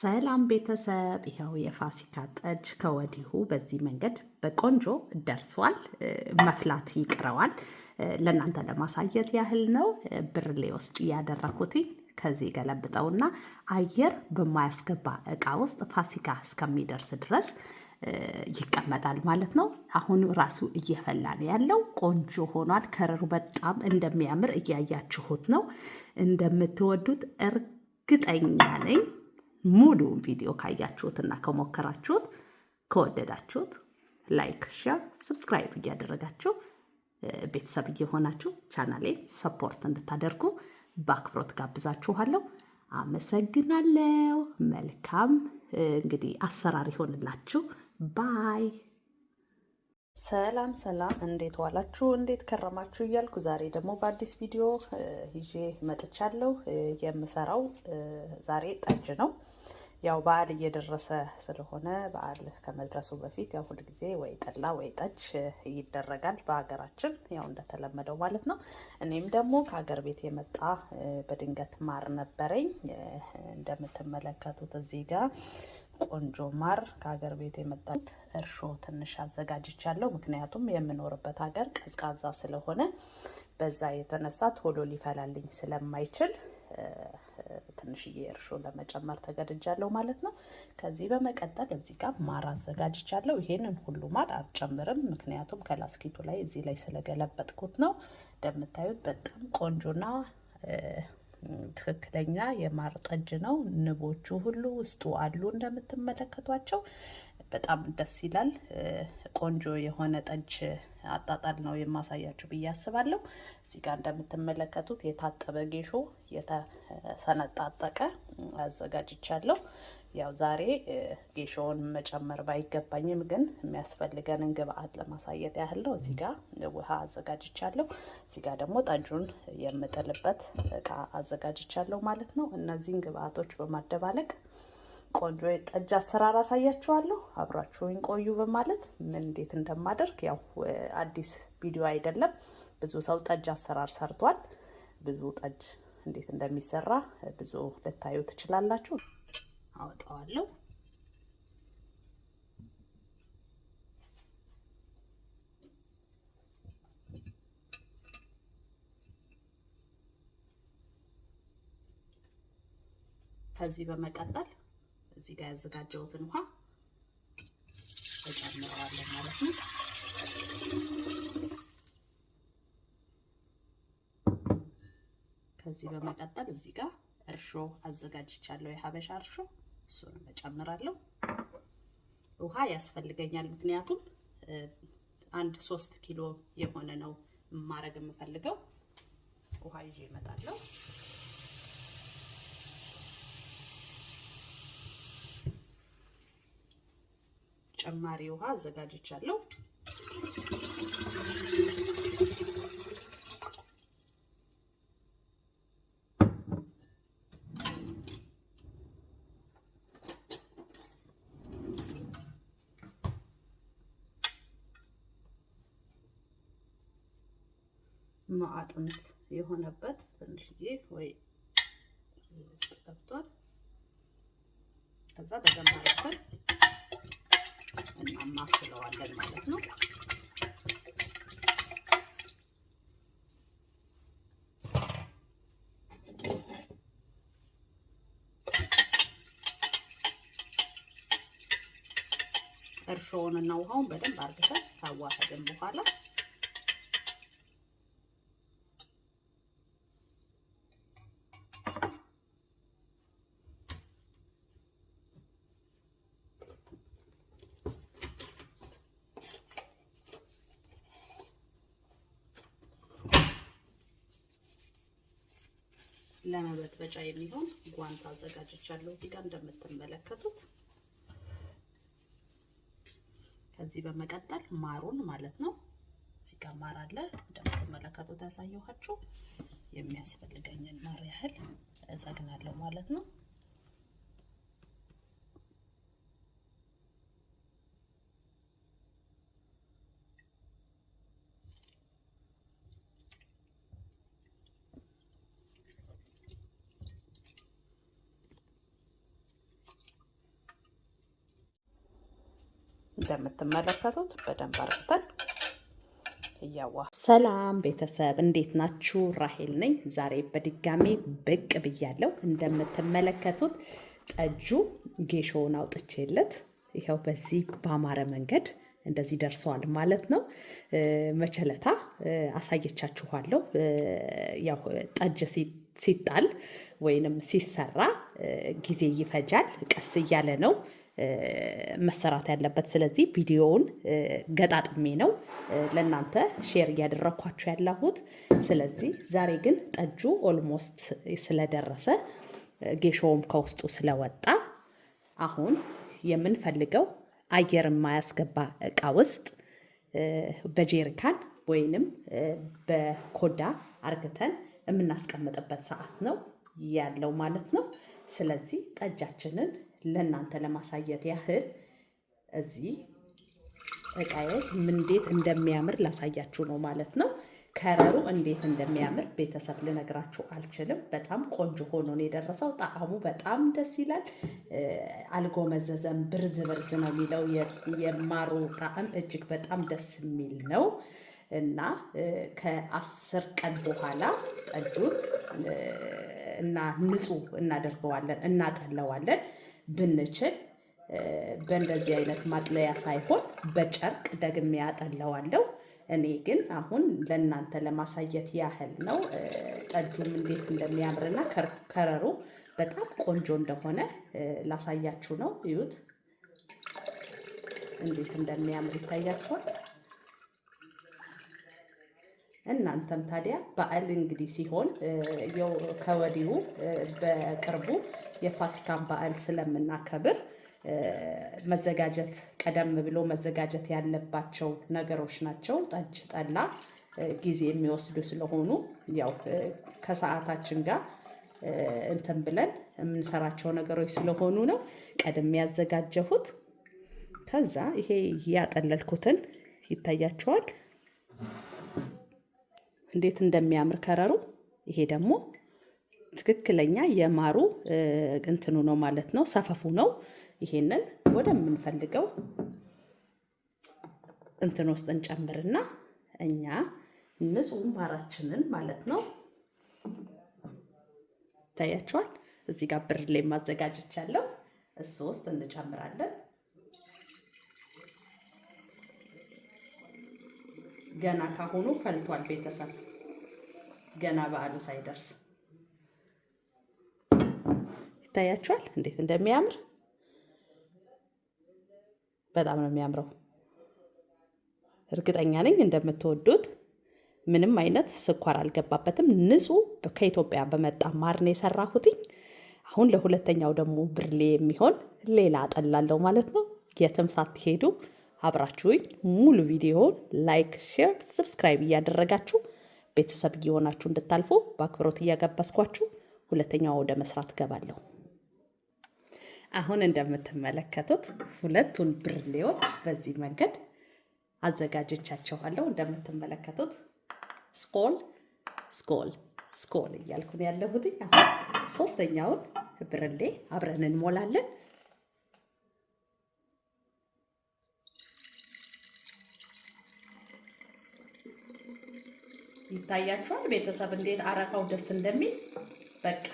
ሰላም ቤተሰብ፣ ይኸው የፋሲካ ጠጅ ከወዲሁ በዚህ መንገድ በቆንጆ ደርሷል። መፍላት ይቅረዋል። ለእናንተ ለማሳየት ያህል ነው። ብርሌ ውስጥ እያደረኩትኝ ከዚህ ገለብጠውና አየር በማያስገባ እቃ ውስጥ ፋሲካ እስከሚደርስ ድረስ ይቀመጣል ማለት ነው። አሁን ራሱ እየፈላ ነው ያለው። ቆንጆ ሆኗል። ከረሩ በጣም እንደሚያምር እያያችሁት ነው። እንደምትወዱት እርግጠኛ ነኝ። ሙሉውን ቪዲዮ ካያችሁትና ከሞከራችሁት ከወደዳችሁት ላይክ፣ ሼር፣ ሰብስክራይብ እያደረጋችሁ ቤተሰብ እየሆናችሁ ቻናሌን ሰፖርት እንድታደርጉ በአክብሮት ጋብዛችኋለሁ። አመሰግናለሁ። መልካም እንግዲህ አሰራር ይሆንላችሁ። ባይ። ሰላም ሰላም፣ እንዴት ዋላችሁ? እንዴት ከረማችሁ? እያልኩ ዛሬ ደግሞ በአዲስ ቪዲዮ ይዤ መጥቻለሁ። የምሰራው ዛሬ ጠጅ ነው። ያው በዓል እየደረሰ ስለሆነ በዓል ከመድረሱ በፊት ያው ሁል ጊዜ ወይ ጠላ ወይ ጠጅ ይደረጋል በሀገራችን ያው እንደተለመደው ማለት ነው። እኔም ደግሞ ከሀገር ቤት የመጣ በድንገት ማር ነበረኝ። እንደምትመለከቱት እዚህ ጋር ቆንጆ ማር ከሀገር ቤት የመጣት እርሾ ትንሽ አዘጋጅቻለሁ። ምክንያቱም የምኖርበት ሀገር ቀዝቃዛ ስለሆነ በዛ የተነሳ ቶሎ ሊፈላልኝ ስለማይችል ትንሽዬ እርሾ ለመጨመር ተገድጃለሁ ማለት ነው። ከዚህ በመቀጠል እዚህ ጋር ማር አዘጋጅቻለሁ። ይሄንን ሁሉ ማር አልጨምርም፣ ምክንያቱም ከላስኪቱ ላይ እዚህ ላይ ስለገለበጥኩት ነው። እንደምታዩት በጣም ቆንጆና ትክክለኛ የማር ጠጅ ነው። ንቦቹ ሁሉ ውስጡ አሉ እንደምትመለከቷቸው በጣም ደስ ይላል። ቆንጆ የሆነ ጠጅ አጣጣል ነው የማሳያችሁ ብዬ አስባለሁ። እዚህ ጋር እንደምትመለከቱት የታጠበ ጌሾ የተሰነጣጠቀ አዘጋጅቻለሁ። ያው ዛሬ ጌሾውን መጨመር ባይገባኝም ግን የሚያስፈልገንን ግብአት ለማሳየት ያህል ነው። እዚህ ጋር ውሃ አዘጋጅቻለሁ። እዚህ ጋር ደግሞ ጠጁን የምጥልበት እቃ አዘጋጅቻለሁ ማለት ነው። እነዚህን ግብአቶች በማደባለቅ ቆንጆ የጠጅ አሰራር አሳያችኋለሁ። አብራችሁኝ ቆዩ በማለት ምን እንዴት እንደማደርግ ያው አዲስ ቪዲዮ አይደለም። ብዙ ሰው ጠጅ አሰራር ሰርቷል። ብዙ ጠጅ እንዴት እንደሚሰራ ብዙ ልታዩ ትችላላችሁ። አወጣዋለሁ። ከዚህ በመቀጠል እዚህ ጋር ያዘጋጀሁትን ውሃ እጨምረዋለን ማለት ነው። ከዚህ በመቀጠል እዚህ ጋር እርሾ አዘጋጅቻለሁ፣ የሀበሻ እርሾ እሱን እጨምራለሁ። ውሃ ያስፈልገኛል፣ ምክንያቱም አንድ ሶስት ኪሎ የሆነ ነው ማድረግ የምፈልገው። ውሃ ይዤ እመጣለሁ። ጨማሪ ውሃ አዘጋጅቻለሁ። ማአጥንት የሆነበት ትንሽዬ ወይ እዚህ ውስጥ ገብቷል። ከዛ በደንብ አድርገን እናማስለዋለን ማለት ነው። እና ውሃውን በደንብ አርግተን ታዋህድን በኋላ ለመበጥበጫ የሚሆን ጓንት አዘጋጅቻለሁ። እዚህ ጋር እንደምትመለከቱት ከዚህ በመቀጠል ማሩን ማለት ነው። እዚህ ጋር ማር አለ እንደምትመለከቱት ያሳየኋችሁ የሚያስፈልገኝን ማር ያህል እዘግናለሁ ማለት ነው። እንደምትመለከቱት በደንብ አርግተን እያዋ ሰላም ቤተሰብ እንዴት ናችሁ? ራሄል ነኝ። ዛሬ በድጋሜ ብቅ ብያለሁ። እንደምትመለከቱት ጠጁ ጌሾውን አውጥቼለት ይኸው በዚህ ባማረ መንገድ እንደዚህ ደርሰዋል ማለት ነው። መቸለታ አሳየቻችኋለሁ። ያው ጠጅ ሲጣል ወይንም ሲሰራ ጊዜ ይፈጃል። ቀስ እያለ ነው መሰራት ያለበት። ስለዚህ ቪዲዮውን ገጣጥሜ ነው ለእናንተ ሼር እያደረግኳቸው ያለሁት ስለዚህ ዛሬ ግን ጠጁ ኦልሞስት ስለደረሰ ጌሾውም ከውስጡ ስለወጣ አሁን የምንፈልገው አየር የማያስገባ እቃ ውስጥ በጄሪካን ወይንም በኮዳ አርግተን የምናስቀምጥበት ሰዓት ነው ያለው ማለት ነው። ስለዚህ ጠጃችንን ለእናንተ ለማሳየት ያህል እዚህ እቃዬ እንዴት እንደሚያምር ላሳያችሁ ነው ማለት ነው። ከረሩ እንዴት እንደሚያምር ቤተሰብ ልነግራችሁ አልችልም። በጣም ቆንጆ ሆኖ ነው የደረሰው። ጣዕሙ በጣም ደስ ይላል። አልጎ መዘዘም ብርዝ ብርዝ ነው የሚለው የማሩ ጣዕም እጅግ በጣም ደስ የሚል ነው እና ከአስር ቀን በኋላ ጠጁን እና ንጹህ እናደርገዋለን እናጠለዋለን። ብንችል በእንደዚህ አይነት ማጥለያ ሳይሆን በጨርቅ ደግሜ ያጠለዋለሁ። እኔ ግን አሁን ለእናንተ ለማሳየት ያህል ነው። ጠጁም እንዴት እንደሚያምርና ከረሩ በጣም ቆንጆ እንደሆነ ላሳያችሁ ነው። እዩት እንዴት እንደሚያምር ይታያችኋል። እናንተም ታዲያ በዓል እንግዲህ ሲሆን ከወዲሁ በቅርቡ የፋሲካን በዓል ስለምናከብር መዘጋጀት ቀደም ብሎ መዘጋጀት ያለባቸው ነገሮች ናቸው። ጠጅ፣ ጠላ ጊዜ የሚወስዱ ስለሆኑ ያው ከሰዓታችን ጋር እንትን ብለን የምንሰራቸው ነገሮች ስለሆኑ ነው ቀደም ያዘጋጀሁት። ከዛ ይሄ ያጠለልኩትን ይታያችኋል እንዴት እንደሚያምር ከረሩ። ይሄ ደግሞ ትክክለኛ የማሩ እንትኑ ነው ማለት ነው፣ ሰፈፉ ነው። ይሄንን ወደምንፈልገው እንትን ውስጥ እንጨምርና እኛ ንጹህ ማራችንን ማለት ነው ይታያቸዋል። እዚህ ጋር ላይ ማዘጋጀች ያለው እሱ ውስጥ እንጨምራለን። ገና ካሁኑ ፈልቷል ቤተሰብ ገና በዓሉ ሳይደርስ ይታያችኋል እንዴት እንደሚያምር። በጣም ነው የሚያምረው። እርግጠኛ ነኝ እንደምትወዱት። ምንም አይነት ስኳር አልገባበትም። ንጹህ ከኢትዮጵያ በመጣ ማር ነው የሰራሁትኝ። አሁን ለሁለተኛው ደግሞ ብርሌ የሚሆን ሌላ አጠላለው ማለት ነው። የትም ሳትሄዱ አብራችሁኝ ሙሉ ቪዲዮውን ላይክ፣ ሼር፣ ሰብስክራይብ እያደረጋችሁ ቤተሰብ እየሆናችሁ እንድታልፉ በአክብሮት እያጋበዝኳችሁ ሁለተኛው ወደ መስራት ገባለሁ። አሁን እንደምትመለከቱት ሁለቱን ብርሌዎች በዚህ መንገድ አዘጋጀቻቸዋለሁ። እንደምትመለከቱት ስኮል ስኮል ስኮል እያልኩን ያለሁት አሁን ሶስተኛውን ብርሌ አብረን እንሞላለን። ይታያችኋል። ቤተሰብ እንዴት አረፋው ደስ እንደሚል በቃ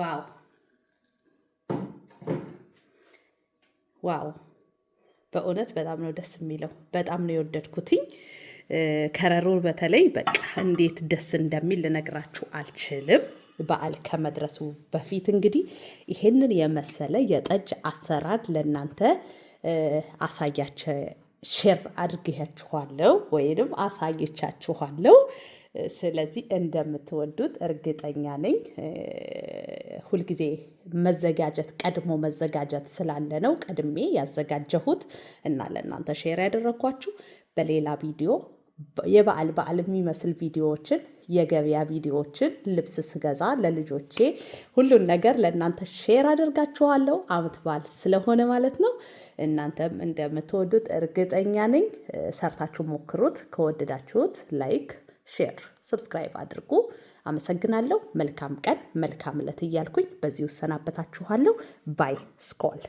ዋው ዋው! በእውነት በጣም ነው ደስ የሚለው። በጣም ነው የወደድኩትኝ። ከረሩ በተለይ በቃ እንዴት ደስ እንደሚል ልነግራችሁ አልችልም። በዓል ከመድረሱ በፊት እንግዲህ ይሄንን የመሰለ የጠጅ አሰራር ለእናንተ አሳያቸው ሼር አድርጌያችኋለሁ ወይንም አሳየቻችኋለሁ። ስለዚህ እንደምትወዱት እርግጠኛ ነኝ። ሁልጊዜ መዘጋጀት ቀድሞ መዘጋጀት ስላለ ነው ቀድሜ ያዘጋጀሁት እና ለእናንተ ሼር ያደረኳችሁ። በሌላ ቪዲዮ የበዓል በዓል የሚመስል ቪዲዮዎችን የገበያ ቪዲዮዎችን ልብስ ስገዛ ለልጆቼ ሁሉን ነገር ለእናንተ ሼር አደርጋችኋለሁ። አመት በዓል ስለሆነ ማለት ነው። እናንተም እንደምትወዱት እርግጠኛ ነኝ። ሰርታችሁ ሞክሩት። ከወደዳችሁት ላይክ፣ ሼር፣ ሰብስክራይብ አድርጉ። አመሰግናለሁ። መልካም ቀን፣ መልካም ዕለት እያልኩኝ በዚሁ እሰናበታችኋለሁ። ባይ ስኮል